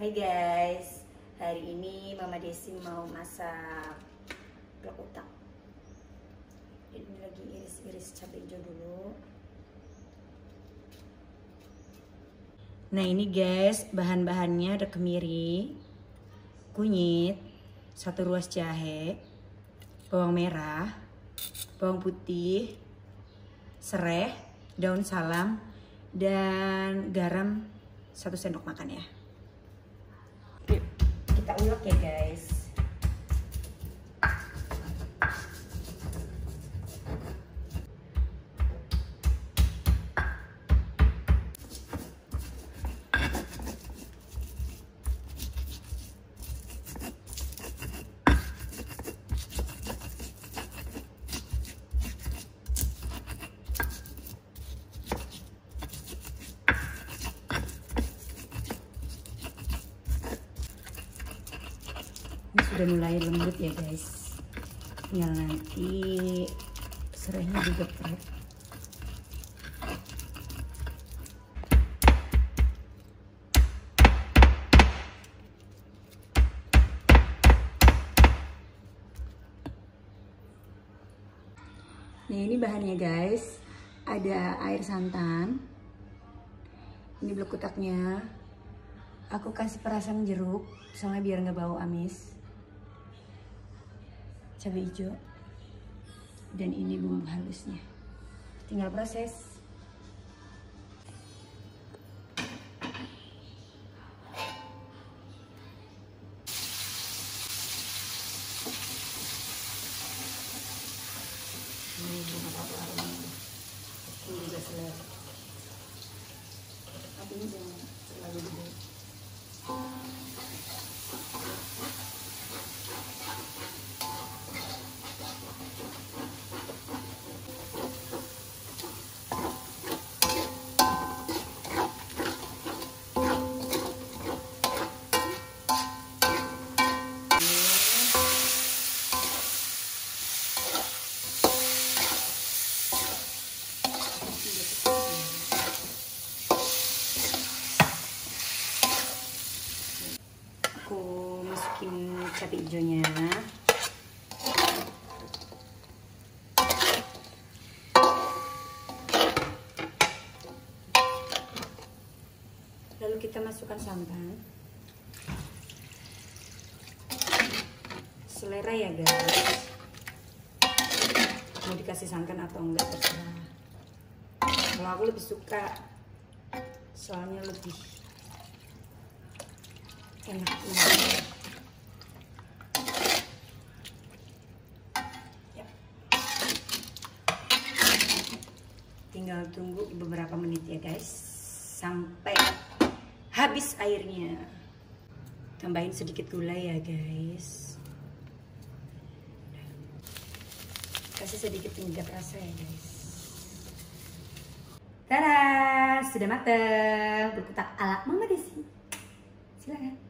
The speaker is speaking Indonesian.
Hai guys, hari ini Mama Desi mau masak blok utak. Ini lagi iris-iris cabai hijau dulu. Nah ini guys, bahan-bahannya ada kemiri, kunyit, satu ruas jahe, bawang merah, bawang putih, serai, daun salam, dan garam satu sendok makan ya. Okay, guys. udah mulai lembut ya guys tinggal nanti serainya digeprek Nah ini bahannya guys Ada air santan Ini blok kutaknya Aku kasih perasan jeruk Soalnya biar nggak bau amis cabai hijau dan ini bumbu halusnya tinggal proses cabai hijaunya lalu kita masukkan sambal selera ya guys mau dikasih santan atau enggak terserah kalau aku lebih suka soalnya lebih enak ini tinggal tunggu beberapa menit ya guys sampai habis airnya tambahin sedikit gula ya guys kasih sedikit penyedap rasa ya guys Tada, sudah mateng berkutak ala Mama Desi silakan